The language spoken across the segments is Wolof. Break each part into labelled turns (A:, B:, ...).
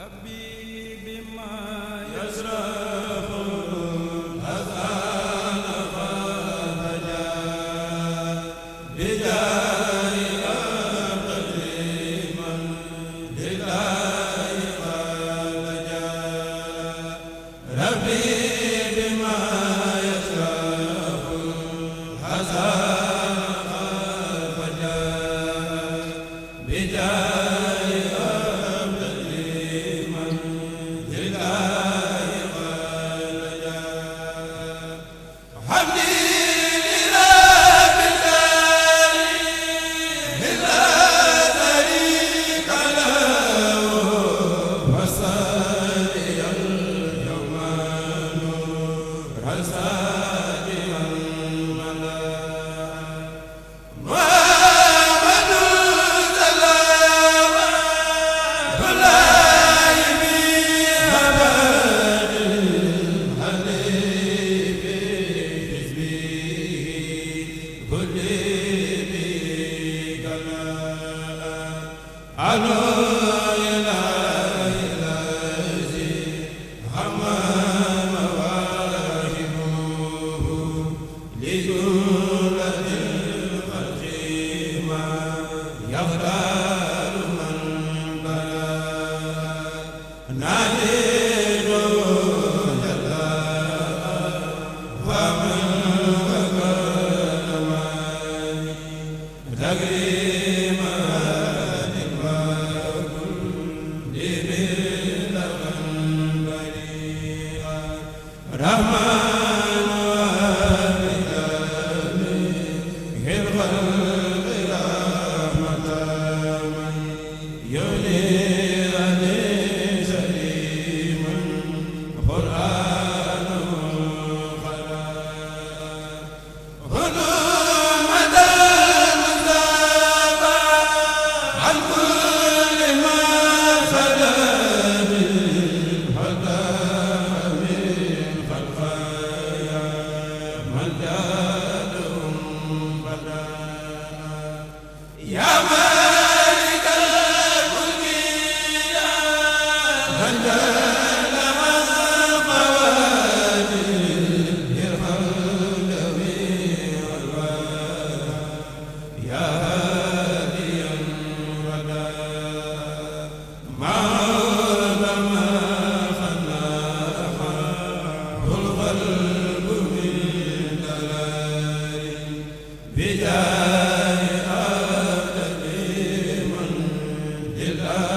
A: habibi ma yazra la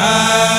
A: a ah.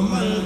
A: man